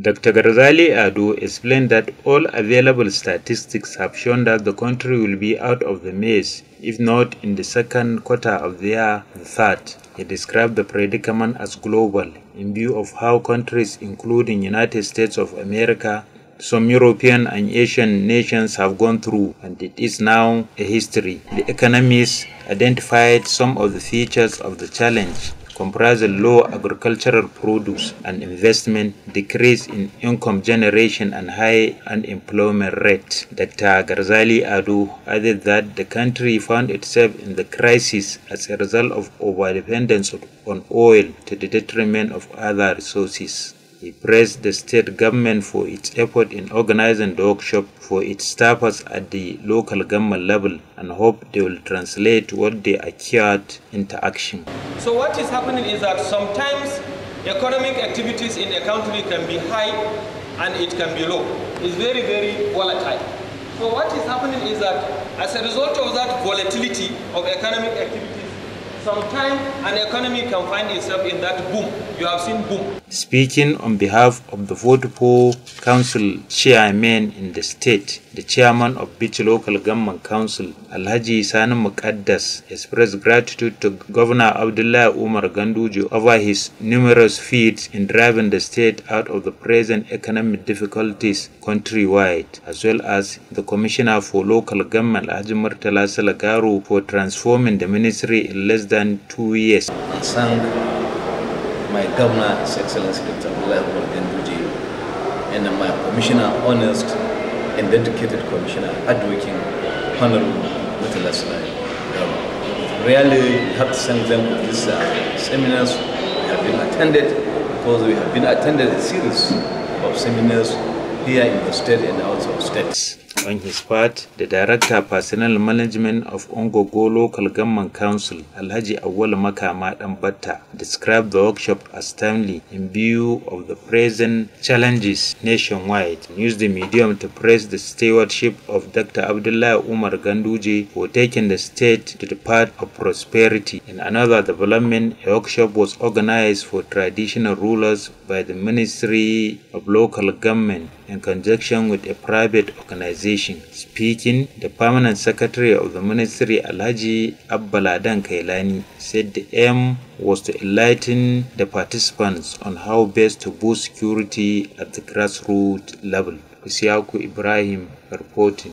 Dr. Garzali Adu explained that all available statistics have shown that the country will be out of the maze, if not in the second quarter of the year, the third. He described the predicament as global in view of how countries including United States of America, some European and Asian nations have gone through and it is now a history. The economists identified some of the features of the challenge comprising low agricultural produce and investment, decrease in income generation and high unemployment rate. Dr. Garzali Ado added that the country found itself in the crisis as a result of overdependence on oil to the detriment of other resources. He praised the state government for its effort in organizing the workshop for its staffers at the local government level and hoped they will translate what they acquired into action. So what is happening is that sometimes economic activities in a country can be high and it can be low. It's very, very volatile. So what is happening is that as a result of that volatility of economic activities. Sometimes an economy can find itself in that boom. You have seen boom. Speaking on behalf of the vote council chairman in the state, The chairman of Beach Local Government Council, Alhaji Sanu Mukaddas, expressed gratitude to Governor Abdullah Umar Ganduju over his numerous feats in driving the state out of the present economic difficulties countrywide, as well as the Commissioner for Local Government, Alhaji Murtala Salagaru, for transforming the ministry in less than two years. I thank my Governor, His Excellency Dr. Abdullah Umar Ganduji, and my Commissioner, Honest and the dedicated commissioner, hardworking, honorable Matalas um, Really, we have to thank them to these uh, seminars we have been attended because we have been attended a series of seminars here in the state and out of states. on his part, the Director Personnel Management of Ongogo Local Government Council, Alhaji Awal Makama Ambata, described the workshop as timely in view of the present challenges nationwide and used the medium to praise the stewardship of Dr. Abdullah Umar Ganduji for taking the state to the path of prosperity. In another development, a workshop was organized for traditional rulers by the Ministry of Local Government in conjunction with a private organization. Speaking, the permanent secretary of the ministry, Alhaji Abbaladan Kailani, said the aim was to enlighten the participants on how best to boost security at the grassroots level. Isiaku Ibrahim reporting.